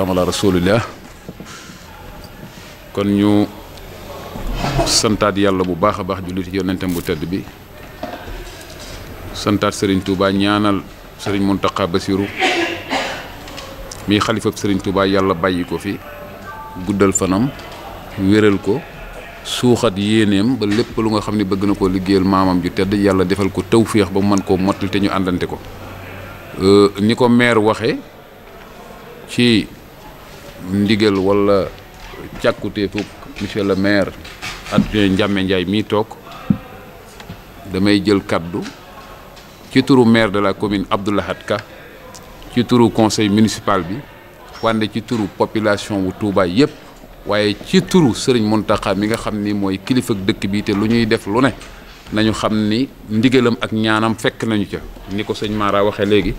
dama la rasulillah kon ñu santat yalla bu baakha a baax jullit yonentam bu tedd bi santat serigne touba ñaanal serigne muntaka basiru mi khalifa serigne touba yalla bayiko fi guddal fanam wéral ko suxat yenem, ba lepp lu nga xamni bëgg na ko liggéeyal maamam ju tedd yalla defal ko tawféex ba man ko motal te ñu andante ko euh niko maire waxe ci ndigal wala càkkutee foofu monsieur le maire adjoint Ndiamé Ndiaye mii toog damay jël kàddu ci turu maire de la commune Abdou Lahad ci turu conseil municipal bi wande ci turu population wu Touba yépp waaye ci turu Serigne Mountakha mi nga xam ni mooy kilifa dëkk bi te lu ñuy def lu ne nañu xam ni ndigalam ak ñaanam fekk nañu ca ni ko sëñ Mara waxee léegi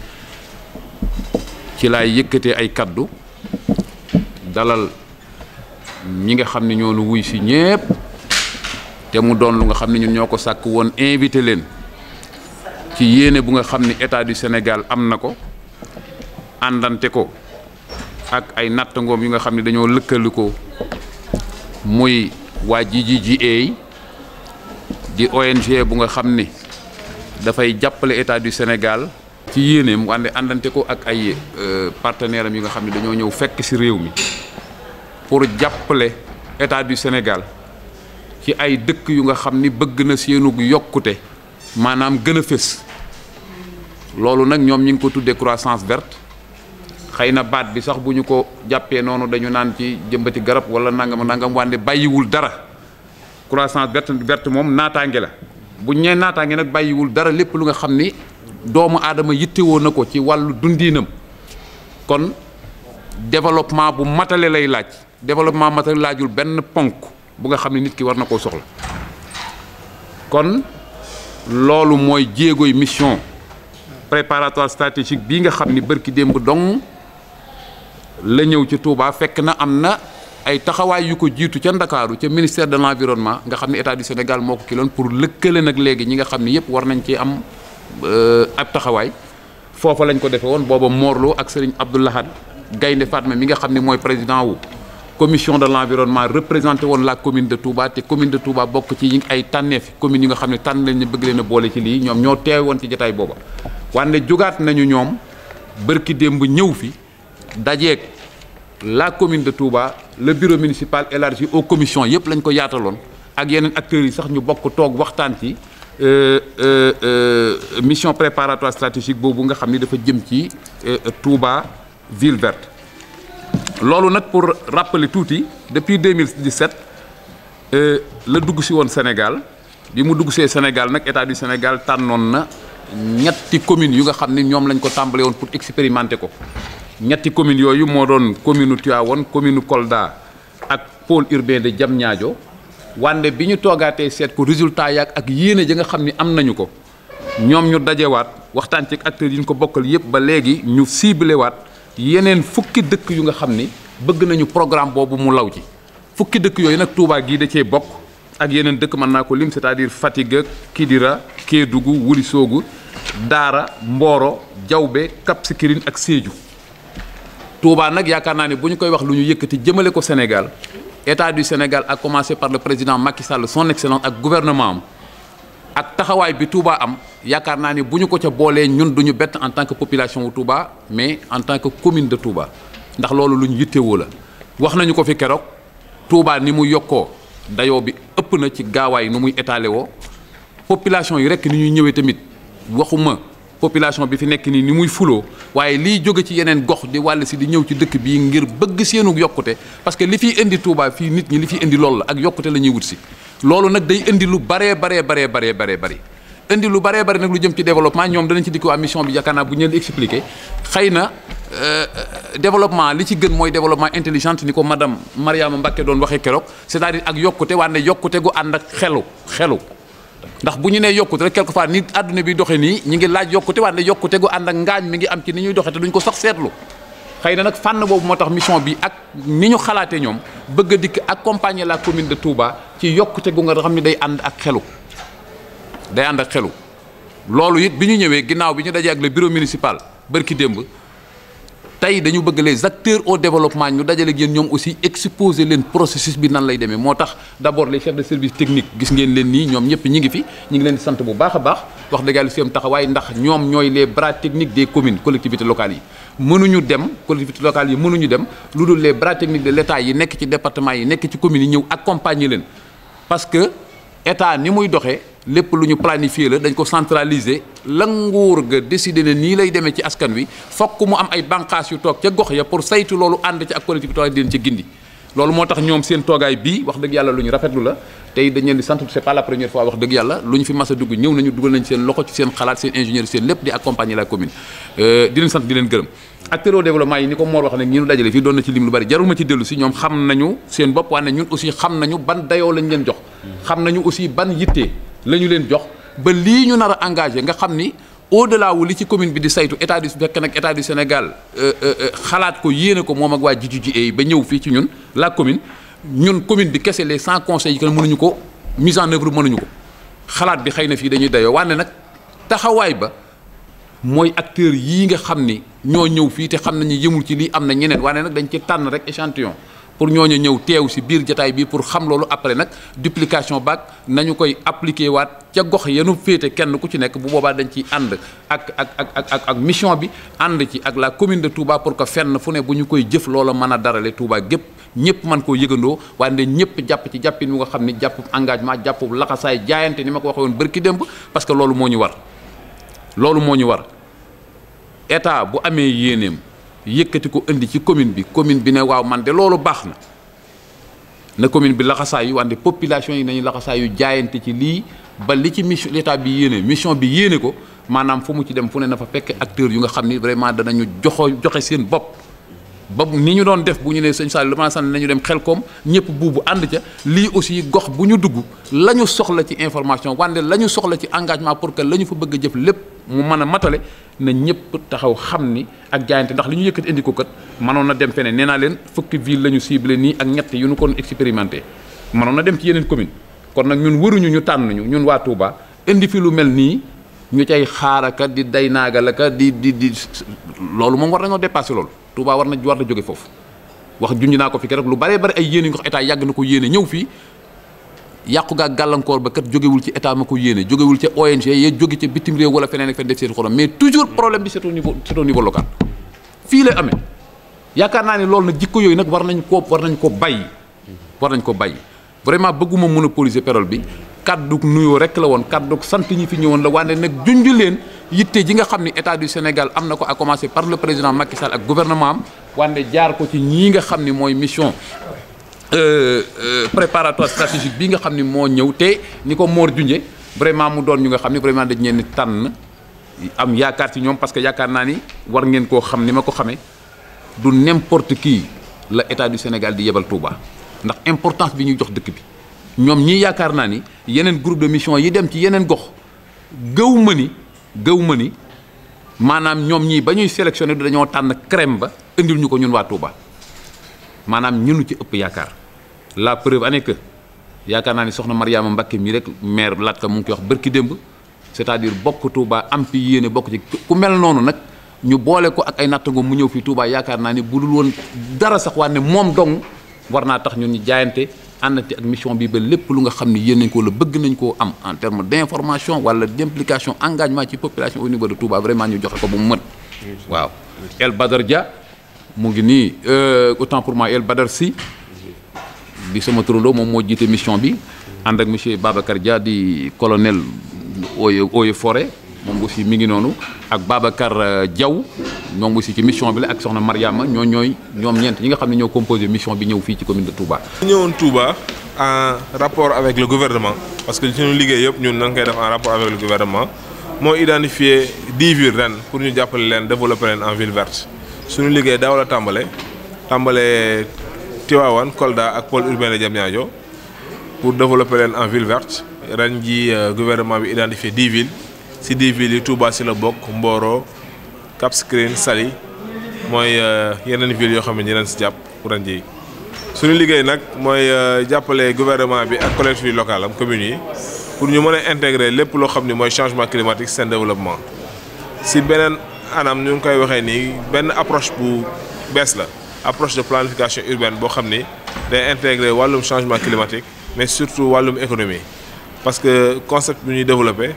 ci laay yëkkatee ay kaddu. dalal ñi nga xam ne wuy si ñépp te mu doon lu nga xam ñun ko sakuan woon invité len ci yene bu nga xam ne état du Sénégal am ko andante ko ak ay nattangoom yu nga xam ne dañoo lëkkalikoo muy waa GGGA di ONG bu nga xam ne dafay jàppale état du Sénégal ci yene mu ànd ko ak ay euh, partenaire am yi nga xam ne dañoo ñëw fekk réew mi pour jàppale état du Sénégal ci ay dëkk yu nga xam ni bëgg na seenu yokkute maanaam gën a fés loolu nag ñoom ñi ngi ko tuddee croissance verte xëy na baat bi sax bu ñu ko jàppee noonu dañu naan ci jëmbati garab wala nangam nangam wànde bàyyiwul dara croissance verte vert moom naataange la bu ñee naataange nag bàyyiwul dara lépp lu nga xam ni doomu aadama yittewoo na ko ci wàllu dundiinam kon développement bu matalé lay laaj développement matalé laajul ben ponk bu nga xamni nit ki war na soxla kon lolu moy diego mission préparatoire stratégique bi nga xamni barki demb dong la ñew ci Touba fekk na amna ay taxaway yu ko jitu ci dakaru ci ministère de l'environnement nga xamni état du Sénégal moko ki pour lëkkale nak légui ñi nga xamni yépp war nañ ci am euh, ab taxaway fofu lañ ko defee won Morlo ak Serigne Gaynde Fatma mi nga xam ne mooy président wu commission de l'environnement représenté woon la commune de Touba te commune de Touba bokk ci yi ay tànneefi commune yi nga xam ne tànn leen ñu bëgg leen a boole ci lii ñoom ñoo teew woon ci jotaay booba wante jógaat nañu ñoom bërki démb ñëw fi dajeeg la commune de Touba le bureau municipal élargi aux commissions yëpp lañ ko yaataloon ak yeneen acteurs yi sax ñu bokk toog waxtaan ci euh, euh, euh, mission préparatoire stratégique boobu nga xam ni dafa jëm ci Touba ville verte loolu nag pour rappeler tuuti depuis 2017 euh, la dugg si woon Sénégal bi mu dugg Sénégal nak état du Sénégal tànnoon na ñetti commune yu nga xamni ñom lañ ko tambalé won pour expérimenter ko ñetti commune yoyu mo doon commune Tivaouane commune Kolda ak pôle urbain de Diamniadio wande biñu ñu toogaatee ko résultat yak ak yéene ja nga xamni ni am nañu ko ñom ñu dajé dajewaat waxtan ci ak yi ñu ko bokkal yépp ba légui ñu ciblé waat yeneen fukki dëkk yu nga xam ni bëgg nañu programme boobu mu law ji fukki dëkk yooyu nag Touba gii da cee bokk ak yeneen dëkk mën naa ko lim c'est-à-dire Fatick Kidira Kédougou Wulisoogu Daara Mboro Diawbe Cap Skirring ak Sédhiou Touba nag yaakaar naa ne bu ñu koy wax lu ñu yëkkati jëmale ko Sénégal état du Sénégal ak commencé par le président Macky Sall son excellence ak guvernement am ak taxaway bi Touba am ya ni bu ko ca bolé en tant que population de Touba mais en tant que commune de Touba ndax qui luñu yitté yittewoo la wax nañu ko fi Kérok, Touba ni bi ëpp na ci nu muy étalé population yi rek ni ñuy ñëwé tamit waxuma population bi fi nekk ni muy fulo waye li ci yenen gox di di ci dëkk bi ngir bëgg seenu yokkute parce que li qui indi Touba train nit ñi li indi loolu nag day indi lu baree bare bare baree bare bëri indi lu baree bëri nag lu jëm ci développement ñoom danañ ci dikk waa mission bi yaakaar bu ñu leen di expliqué xëy na euh, développement li ci gën mooy développement intelligent ni ko madame Mariama Mbacke doon waxee keroog c'est-à-dire ak yokkute waa ne yokkute gu ànd ak xelu xelu ndax bu ñu nee yokkute rek quelque part ni àdduna bi doxee nii ñu ngi laaj yokkute waa ne yokkute gu ànd ak ngaañ mi ngi am ci ni ñuy doxee te duñ ko sax seetlu xëy nak nag bobu motax mission bi ak niñu ñu ñom bëgg dik accompagner la commune de Touba ci yokkute gu nga xam ne day and ak xelu day and ak xelu loolu yit biñu ñëwé ñëwee biñu dajé ak le bureau municipal barki demb tay dañu bëgg les acteurs au développement ñu dajalé ak ñom aussi exposer leen processus bi nan lay démé motax d'abord les chefs de service technique gis ngeen leen ni ñom ñëpp ñi ngi fi ñi ngi leen di sant bu baaxa baax wax dëgg yàlla seen taxaway ndax ñom ñoy les bras techniques des communes collectivités locales yi mënuñu dem collectivité locale, yi mënuñu dem lu les bras techniques de l'état yi nek ci département yi nek ci commune yi ñëw accompagner leen parce que état ni muy doxé lepp luñu planifier la dañ ko centraliser la nguur ga décider ne ni lay démé ci askan wi fokk mu am ay bànqaas yu tok ci gox ya pour saytu loolu and ci ak collectivités yi di ci gindi loolu motax ñom seen toogaay bi wax dëgg yalla luñu rafetlu la tay dañ leen di sant c'est pas la première fois wax dëgg yàlla lu ñu fi massa a dugg ñëw nañu dugal nañ seen loxo ci seen xalaat seen ingénieur seen lépp di accompagner la commune euh, di leen sant di leen gërëm acteur au développement yi ni ko Mor wax ne ñu nu dajale fii doon na ci lim lu bari jarul ma ci dellu si ñoom xam nañu seen bopp waaye ñun aussi xam nañu ban dayoo lañ leen jox xam nañu aussi ban yitte lañu leen jox ba lii ñu nar a engagé nga xam ni au delà wu li ci commune bi di saytu état du fekk nag état du Sénégal euh, euh, xalaat ko yéene ko moom ak waa ji ji ba ñëw fii ci ñun la commune ñun commune bi kessé les 100 conseils yi que mënuñu ko mise en œuvre mënuñu ko xalaat bi xeyna fi dañuy dayo wante nak taxaway ba moy acteur yi nga xamni ño ñoo ñëw fii te xam nañu yëmul ci li amna na ñeneen wante nag dañ ci tànn rek échantillon pour ñooñu ñëw téw ci biir jotaay bi pour xam lolu après nak duplication bac nañu koy appliquer waat ci gox yenu fété kenn ku ci nekk bu boba dañ ci and ak ak ak ak ak mission bi and ci ak la commune de Touba pour que fenn fune buñu koy jëf lolu mëna daralé Touba gep ñëpp man koo yëgandoo waaye ne ñëpp jàpp ci jàppin mu nga xam ne jàpp engagement jàpp laxasaay jaayante ni ma ko waxee woon bërki démb parce que loolu moo ñu war loolu moo ñu war état bu amee yéeneem yëkkati ko indi ci commune bi commune bi ne waaw man de loolu baax na na commune bi laxasaayu wante population yi nañu yu jaayante ci lii ba li ci mission l'état bi yéene mission bi yéene ko maanaam fu mu ci dem fu ne na fa fekk acteurs yu nga xam ni vraiment danañu joxo joxe seen bopp ba ni ñu doon def bu ñu nee sëñ Saliou damaa sànni nañu dem xelkom ñepp ñëpp buubu ca li aussi gox bu ñu dugg lañu soxla ci information wante lañu soxla ci engagement pour que lañu fa bëgg jëf lepp mu mëna a na ñepp taxaw xamni ak jaayante ndax li ñu yëkkat indi ko kat mënoon na dem feneen nee fukki ville lañu ciblé ak ñett yu ñu kon expérimenté manon na dem ci yeneen commune kon nak ñun wëruñu ñu tànn ñu ñun wa Touba indi fi lu mel ni ñu cay xaaraka di day naagalaka di di di loolu moom war nañu dépassé loolu Touba war na war jóge foofu wax junj naa ko fi keroog lu bare bari ay yéene nga wax état yàgg na ko yéene ñëw fii yàqu gaa gàllankoor ba kat jógewul ci état ma ko yéene jógewul ca ONG ya jóge ci bitim réew wala feneen ak feneen def seen xorom mais toujours problème bi c'est au niveau c'est fii la amee yaakaar naa ne loolu nag jikko yooyu nag war nañ koo war nañ ko bàyyi war nañ ko bàyyi vraiment bëgguma monopoliser parole bi kàddug nuyoo rek la woon kàddug sant ñi fi ñëwoon la waane nag junj leen yitté ji nga xamni état du Sénégal amna ko a commencé par le président Macky Sall ak gouvernement am wande jaar ko ci ñi nga moy mission euh, mission euh, préparatoire stratégique bi nga xamni mo ñëw te ni ko Mor djunjé vraiment mu doon ñu nga xamni vraiment dañ leen tan am yaakaar ci ñom parce que yaakaar naa ni war ngeen ko xamni mako xamé du n'importe qui le état du Sénégal di yebal Touba ndax importance bi ñu jox dëkk bi ñom ñi yaakaar naa ni groupe de mission yi dem ci yenen gox geuw ma ni gëw ma ni maanaam ñoom ñii ba ñuy sélectionné dañoo tànn crème ba indil ñu ko ñun waa Touba maanaam ñunu ci ëpp yaakaar la preuve année que yaakaar naa ni soxna Mariama Mbacké mii rek maire laat ka mu ngi wax bërki démb c'est-à-dire bokk Touba am fi yéene bokk ci ku mel noonu nag ñu boole ko ak ay nattango mu ñëw fii Touba yaakaar naa ni bu dul woon dara sax waa ne moom dong war naa tax ñu ñu jaayante àndati ak mission bi ba lepp lu nga xamni ni nañ ko la bëgg nañ ko am en terme d'information wala d'implication engagement ci population au niveau de Touba vraiment ñu joxe ko bu mu mën waaw El Badar Dia mu ngi euh autant pour moi El Badar Si di sama turandoo moom mo jité mission bi and ak monsieur Babacar Dia di colonel Oyo Oyo Forêt moom aussi mi ngi ak Babacar euh, Diaw ñoom aussi ci mission bi la ak soxna Mariama ñoo ñooy ñoom ñeent ñi nga xam ñoo composé mission bi ñëw fii ci commune de Touba. ñëwoon Touba en rapport avec le gouvernement parce que suñu liggéey yëpp ñun na nga def en rapport avec le gouvernement moo identifié 10 villes ren pour ñu jàppale leen développer en ville verte suñu liggéey daaw la Tambalé, tàmbale Tivaouane Kolda ak Paul urbain de Diamniadio pour développer leen en ville verte ren ji euh, gouvernement bi identifié 10 villes. ci di ville yi Touba si la bokk Mboro Cap Skirring Saly mooy euh, yeneen ville yoo xam ne dinañ si jàpp pour ren suñu liggéey nag mooy euh, jàppale gouvernement bi ak collectivité locale am communes yi pour ñu mën a intégrer lépp loo xam ne mooy changement climatique seen développement si beneen anam ñu ngi koy waxee nii benn approche bu bees la approche de planification urbaine boo xam ni day intégrer wàllum changement climatique mais surtout wàllum économie parce que concept bi ñuy développé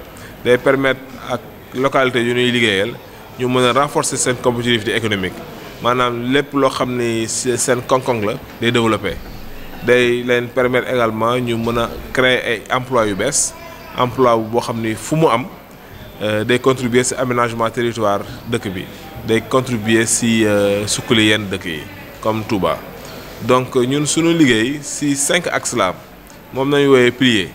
day permettre ak localité yu ñuy liggéeyal ñu mën a renforcer seen compétitivité économique maanaam lépp loo xam ni seen koŋ la day développé day leen permettre également ñu mën a créer ay emploi yu bees emploi boo xam ni fu mu am euh, day contribuer si aménagement territoire dëkk bi day contribuer si euh, sukkali yenn dëkk yi comme Touba donc ñun suñu liggéey si cinq axes la moom nañu wooyee pilier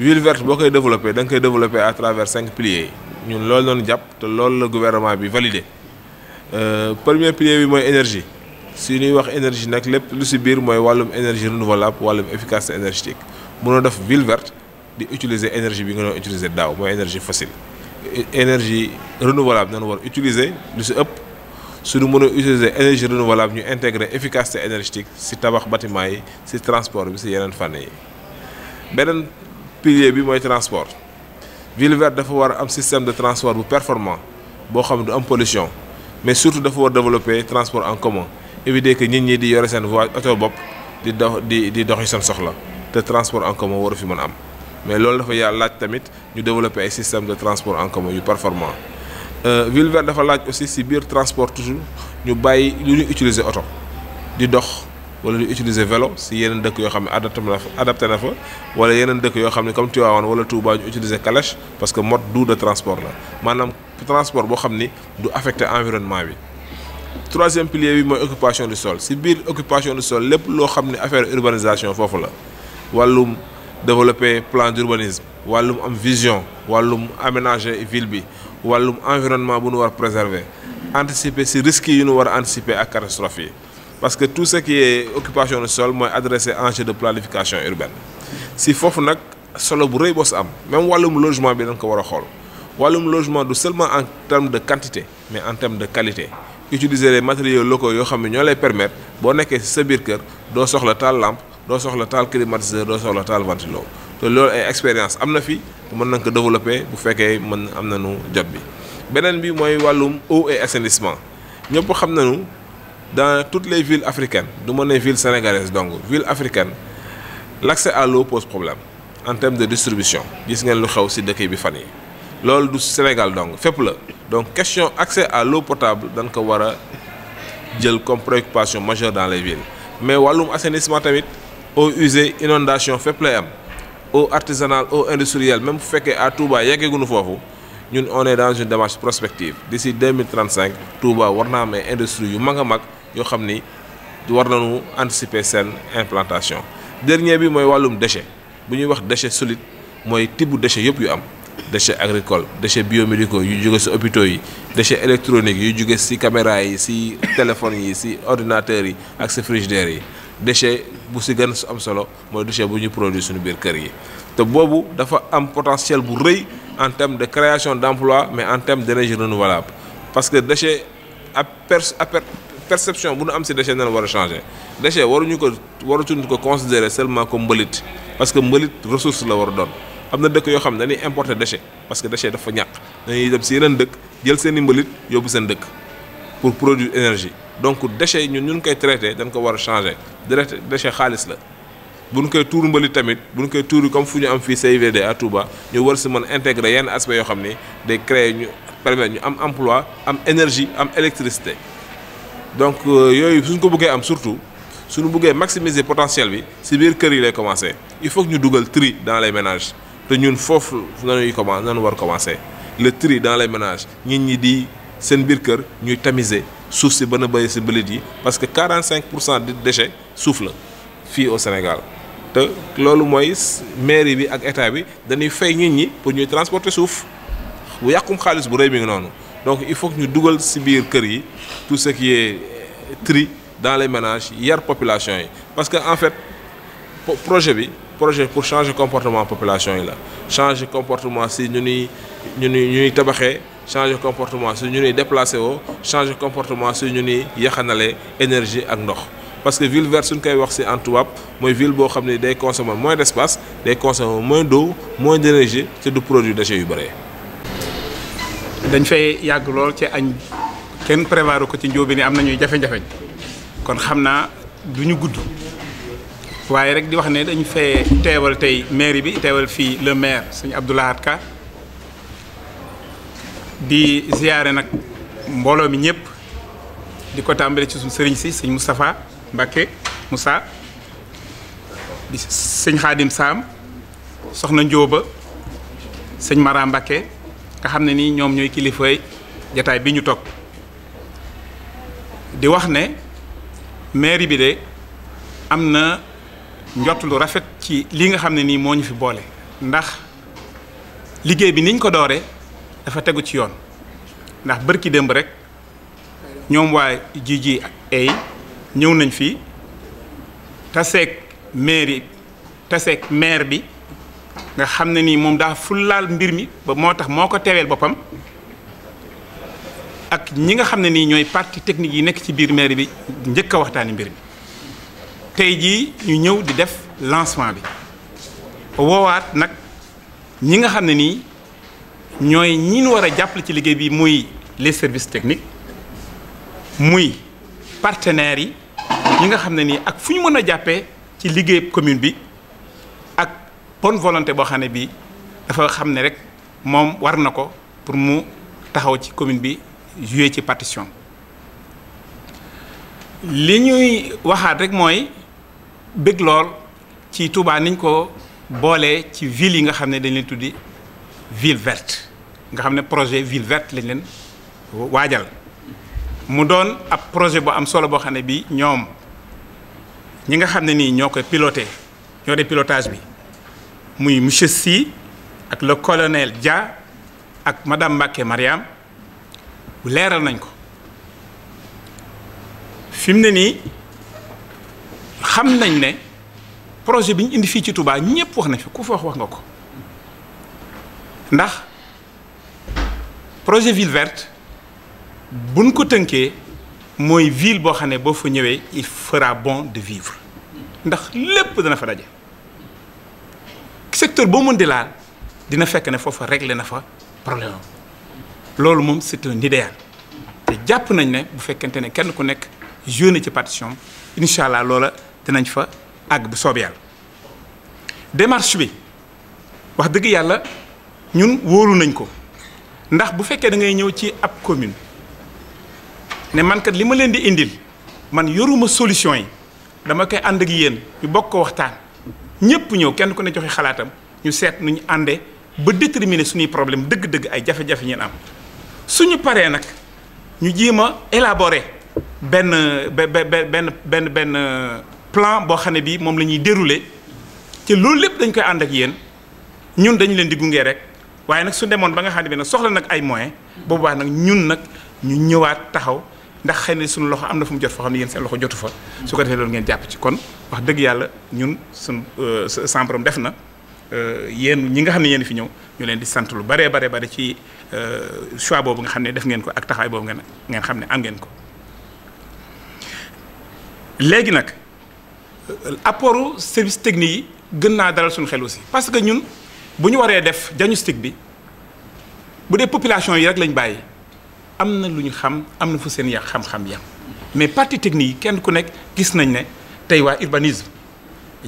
Ville verte boo koy développé da koy développé à travers cinq piliers ñun loolu noonu japp té loolu le gouvernement bi validé euh, premier pilier bi moy énergie si ñuy wax énergie nak lépp lu ci biir moy walum énergie renouvelable walum efficacité énergétique mëno def ville verte di utiliser énergie bi nga doon utiliser daw mooy énergie fossile énergie renouvelable dañu war utiliser lu si ëpp suñu mën a utiliser énergie renouvelable ñu intégrer efficacité énergétique si tabax bâtiment yi si transport bi si yeneen fànn yi pilier bi moy transport ville verte dafa war am système de transport bu performant bo xam du am pollution mais surtout dafa war développer transport en commun éviter que nit ñi di yore sen voie auto bop di dox di di doxi seen soxla te transport en commun waru fi mën am mais loolu dafa yaa laaj tamit ñu développer ay système de transport en commun yu performant euh, ville verte dafa laaj aussi ci biir transport toujours ñu bàyyi lu ñu utiliser auto di dox wala ñu utiliser vélo si yeneen dëkk yoo xam ne adapté na fa adapté na fa wala yeneen dëkk yoo xam ne comme Tivaouane wala Touba ñu utiliser calèche parce que mode doux de transport la maanaam transport boo xam ni du affecté environnement bi. troisième pilier bi mooy occupation du sol si biir occupation du sol lépp loo xam ne affaire urbanisation foofu la wàllum développer plan d'urbanisme wàllum am vision wàllum aménager ville bi wàllum environnement bu nu war préserver anticiper si risques yi ñu war anticiper ak catastrophe yi parce que tout ce qui est occupation du sol moi adressé chef de planification urbaine si fofu nak solo bu rëy boss am même walum logement bi dañ ko war a xool logement du seulement en termes de quantité mais en termes de qualité utiliser les matériaux locaux yo xamni ne lay permettre bo nekkee ce sa biir kër doo soxla taal lampe do soxla taal climatiseur do soxla taal ventilo te lool ay expérience amna na fi mën nañ ko développer bu féké mën amna nañu job bi benen bi moy walum eau et assainissement ñepp xamna nañu dans toutes les villes africaines, nous sommes les villes sénégalaises, donc ville africaine, l'accès à l'eau pose problème en termes de distribution. Vous voyez ce aussi de Kébifani. C'est du Sénégal, donc fait le. Donc, question accès à l'eau potable, donc une comme préoccupation majeure dans les villes. Mais Walloum assainissement, eau usée, inondation, fait plein. Eau artisanale, eau industrielle, même fait que à Touba, il y a quelque chose ñun on est dans une démarche prospective d'ici 2035 Touba war industrie yo xamni du war nañu anticiper seen implantation dernier bi moy walum déchet bu ñuy wax déchet solide moy tibb déchet yëpp yu am déchet agricole déchet biomédicaux yu jóge ci hôpitaux yi déchet électronique yu jóge ci caméra yi ci téléphones yi ci ordinateurs yi ak ci frigidaires yi déchet bu si gën am solo moy déchet bu ñu produit suñu biir kër yi te bobu dafa am potentiel bu reuy en termes de création d'emplois mais en termes d'énergie renouvelable parce que déchet à perception bu nu am si déchet nan war a changer déchet waruñu ko waratuñu ko considérer seulement comme mbalit parce que mbalit ressource la war a doon am na dëkk yoo xam ne dañuy importer déchet parce que déchet dafa ñàkk dañuy dem si yeneen dëkk jël seen i mbalit yóbbu seen dëkk pour produire énergie donc déchet ñun ñun koy traité dañ ko war a changer direct déchet xaalis la bu ñu koy tuur mbalit tamit bu ñu koy tuuri comme fu ñu am fii CIVD à Touba ñu war si mën intégrer yenn aspect yoo xam ni day créer ñu permettre ñu am emploi am énergie am électricité donc euh, yooyu suñ nous voulons am surtout suñu bëggee maximiser potentiel bi C'est biir kër yi lay commencé il faut que ñu dugal tri dans les ménages te nous foofu nañuy commencé le tri dans les ménages nit ñi di c'est bien kër ñuy tamiser suuf bon bana béy si mbalit yi parce que 45 des déchets soufflent la au Sénégal te lolu moy mairie bi ak état bi dañuy fay nit ñi pour ñuy transporter souf bu yakum xaliss bu reuy mi ngi donc il faut que nous dougal ci tout ce qui est tri dans les ménages la population parce que en fait projet bi projet pour changer comportement population la population. changer comportement si ñu qui ñu ñuy ñuy changer comportement si ñu ni déplacé pas, changer comportement si ñu ni yaxanalee énergie ak parce que ville verte suñ koy wax ci en toi, ville bo xamné moins d'espace moins d'eau moins d'énergie c'est du produit déchets yu dañ fay yàgg lool ci añ kenn prévoir ko ci njóobi ni am nañuy jafe-jafe kon xam naa du ñu gudd waaye rek di wax ne dañu fee teewal tey maire bi teewal fii le maire sëñ Abdou Lahad di ziyaare nag mbooloo mi ñëpp di ko tàmbali ci suñ sëriñ si sëñ Moustapha Mbacké Moussa di sëñ Xaadim Saam soxna Njóoba sëñ Mara Mbacké nga xam ne nii ñoom ñooy kilifay jataay bi ñu toog di wax ne mairie bi de am na njott lu rafet ci li nga xam ne nii moo ñu fi boole ndax liggéey bi niñ ko doore dafa tegu ci yoon ndax bër ki démb rek ñoom waa ji ji ay ñëw nañ fi taseeg mairie taseeg maire bi nga xam ne nii moom daa fullaal mbir mi ba moo tax moo ko teeweel boppam ak ñi nga xam ne nii ñooy parti technique yi nekk ci biir mairie bi njëkk a waxtaani mbir mi tey jii ñu ñëw di def lancement bi woowaat nag ñi nga xam ne nii ñooy ñin war a jàppale ci liggéey bi muy les services techniques muy partenaires yi ñi nga xam ne nii ak fu ñu mën a jàppee ci liggéey commune bi bonne volonté boo xam ne bii dafa xam ne rek moom war na ko pour mu taxaw ci commune bi jouer ci partition li ñuy waxaat rek mooy bëgg lool ci Touba niñ ko boole ci ville yi nga xam ne dañ leen tuddi ville verte nga xam ne projet ville verte lañ leen waajal mu doon ab projet bu am solo boo xam ne bi ñoom ñi nga xam ne nii ñoo koy piloté ñoo dee pilotage bi muy monsieur si ak le colonel Dia ak madame Mbacké Mariam leeral nañ ko fi mu ne nii xam nañ ne projet biñ indi fi ci Touba ñepp wax nañ fi ku fa wax wax nga ko ndax projet ville verte buñ ko tënkee moy ville bo xam bo fa ñëwé il fera bon de vivre ndax lépp dana fa daje secteur boo mën di laal dina fekk ne foofa réglé na fa problème am loolu moom c'est un idéal te jàpp nañ ne bu fekkente ne kenn ku nekk joué na ci partition incha allah loola dinañ fa àgg bu soob démarche bi wax dëgg yàlla ñun wóolu nañ ko ndax bu fekkee da ngay ñëw ci ab commune ne man kat li ma leen di indil man yoruma solution yi dama koy ànd ak yéen ñu bokk ko ñëpp ñëw kenn ku ne joxe xalaatam ñu seet nu ñu àndee ba déterminer suñuy problème dëgg-dëgg ay jafe-jafe ñeen am suñu paree nag ñu jéem a élaborer benn benn benn benn plan boo xam ne bii moom lañuy ñuy dérouler te loolu lépp dañ koy ànd ak yéen ñun dañu leen di gunge rek waaye nag su demoon ba nga xam ne bi nag soxla nag ay moyens boobaa nag ñun nag ñu ñëwaat taxaw ndax xëy na suñu loxo am na fu mu jot foo xam ne yéen seen loxo jotu fa su ko defee loolu ngeen jàpp ci kon wax dëgg yàlla ñun suñ euh, sembrom def na euh, yéen ñi nga xam ne yéen fi ñëw ñu leen di sant lu baree baree bare ci euh, choix boobu nga xam ne def ngeen ko ak taxawaay boobu ngeen ngeen xam ne am ngeen ko léegi nag apportu service technique yi gën naa dalal suñu xel si parce que ñun bu ñu waree def diagnostic bi bu dee population yi rek lañ bàyyi amna na xam amna fu seen yàq xam-xam yam mais partie technique kenn ku nekk gis nañ ne tey waa urbanisme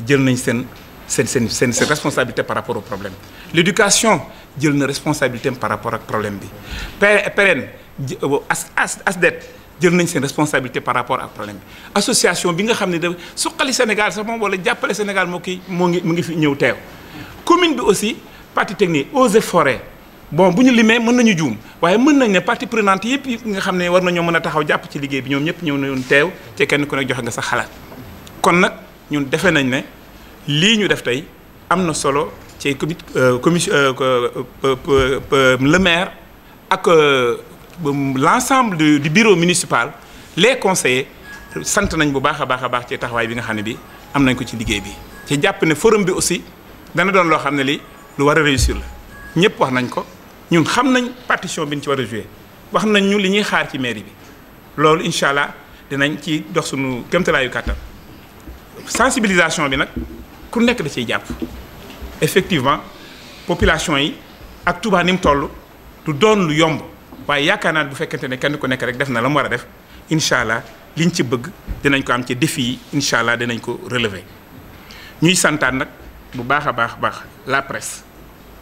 jël nañ seen seen seen seen seen responsabilité par rapport au problème l'éducation jël na responsabilité par rapport ak problème bi PRN euh, as as ASDET jël nañ seen responsabilité par rapport ak problème bi association bi nga xam ne da suqali Sénégal sax moom wala jàppale Sénégal moo kii moo ngi mu ngi fi ñëw teew commune bi aussi partie technique eaux et forêts bon bu ñu limee mën nañu juum waaye mën nañ ne partie prenante yëpp nga xam ne war nañoo mën a taxaw jàpp ci liggéey bi ñoom ñëpp ñëw nañu teew te kenn ku nekk joxe nga sa xalaat kon ñun nañ ne li ñu def tey am solo ci comi euh, commission euh, euh, le maire ak um, l'ensemble du du bureau municipal les conseillers sant nañ bu baax a baax a baax ci taxawaay bi nga xam bi am nañ ko ci liggéey bi ci forum bi aussi dana doon lo xam li lu war réussir la ñëpp wax nañ ko ñun xam nañ partition bi ñu ci war a joué wax nañ ñu li ñuy xaar ci mairie bi loolu incha allah dinañ ci dox suñu kéemtalaayu kàttan sensibilisation bi nag ku nekk da ciy jàpp effectivement population yi ak Touba ni mu toll du doon lu yomb waaye yaakaar naa bu fekkente ne kenn ku nekk rek def na la mu war a def incha allah liñ ci bëgg dinañ ko am ci défi yi incha allah dinañ ko relever ñuy santaan nag bu baax a baax baax la presse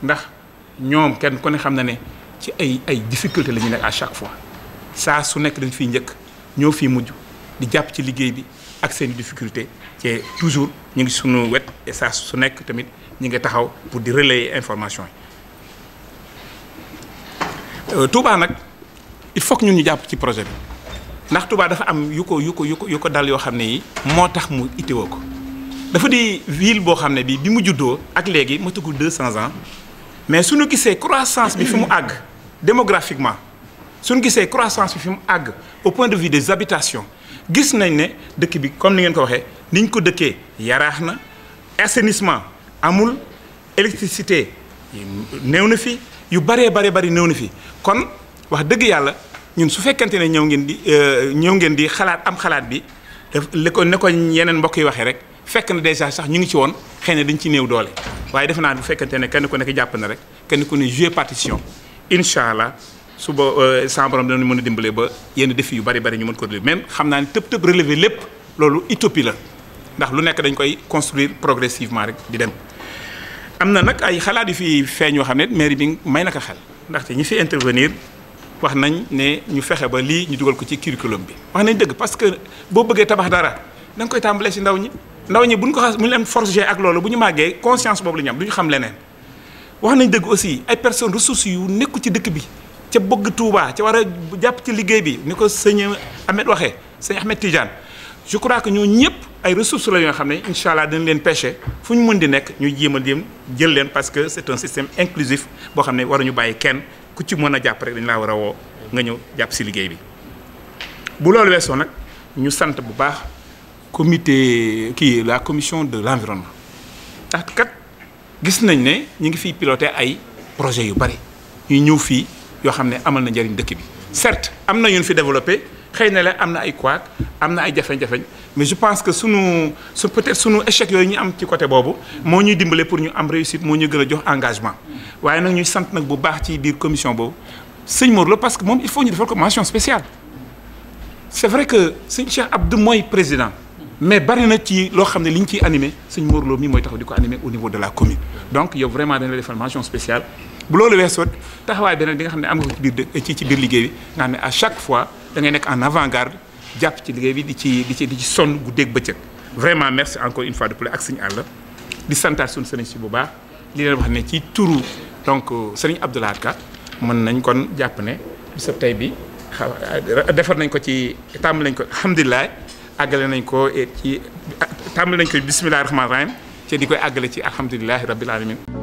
ndax. Nous kenn ko ne ci difficulté à chaque fois Ça su nekk dañ fi ñëk ñoo di ci bi ak difficulté toujours ñu et su pour di relayer information euh, Touba il faut que nous ñu japp ci projet bi ndax Touba dafa am yuko yuko yuko yuko dal di ville bo ans mais si nous croissance bi croissance démographiquement. si nous croissance au point de vue des habitations nous nañ de bi comme ni ngeen ko waxee ni ko assainissement amul électricité Nous na fi yu qui bare ne nous euh, am fekk na sax ñu ngi ci woon xëy na dañ ci néew doole waaye defe naa bu fekkante ne kenn ku nekk jàpp na rek kenn ku ne jouer partition incha allah suba euh, sama borom danañ mën a dimbale ba yenn défi yu bari bari ñu mën ko relever même xam naa ne tëb tëb relever lépp loolu utopie la ndax lu nekk dañ koy construire progressivement rek di dem. am na nag ay xalaat yu fi feeñ yoo xam ne mairie bi may na ko xel ndaxte ñi fi intervenir wax nañ ne ñu fexe ba lii ñu dugal ko ci curriculum bi wax nañ dëgg parce que boo bëggee tabax dara da koy tambalé ci ndaw ñi ndaw ñi buñ ko xass mu ñu leen forger ak loolu buñu maggé conscience bobu la ñam duñu xam leneen wax nañ dëgg aussi ay personnes ressources yu nekk ci dëkk bi ca bëgg Touba ca wara japp ci liggéey bi ni ko sëñ Ahmed waxé sëñ Ahmed Tidiane je crois que ñoo ñëpp ay ressources la yoo xamné inshallah dañ leen pêcher fuñu mënd di nekk ñu jéem a dem jël leen parce que c'est un système inclusif bo xamné wara ñu bàyyi kenn ku ci mëna japp rek dañ la wara wo nga ñëw japp ci liggéey bi bu loolu weesoo nak ñu sant bu baax comité qui la commission de l'environnement ndax kat gis nañ ne ñu ngi fiy piloter ay projet yu bari ñu ñëw fii yoo xam ne amal na njëriñ dëkk bi certes am na ñun fi développé xëy na la am ay couac am ay jafe-jafe mais je pense que sunu su peut-être sunu échec yooyu ñu am ci côté boobu moo ñuy dimbale pour ñu am réussite moo ñuy gën a jox engagement waaye nag ñuy sant nag bu baax ci biir commission boobu sëñ Mor parce que moom il faut ñu defal ko spéciale c'est vrai que sëñ Cheikh Abdou mooy président mais bari na ci lo xamné liñ li ciy animé sëñ Mor mi moy taxaw diko ko animé au niveau de la commune donc il vraiment a vraiment defal mention spéciale bu le weesoo taxaway benen bi nga xamné am nga ci bir ci ci biir liggéey bi nga à chaque fois da ngay nek en avant-garde japp ci liguey bi di ci di ci di ci sonn guddeeg vraiment merci encore une fois de plus ak sëñ àll di santaat sun sëriñ si bu baax li leen wax né ci turu donc sëriñ Abdou Lahad Ka mën nañ kon japp né bisab tay bi defar nañ ko ci tam lañ ko alhamdulilah àggale nañ ko eh, ci tàmbali nañ ko bisimilah rahmaani rahiim te di koy àggale ci alhamdulilahi rabbil alamin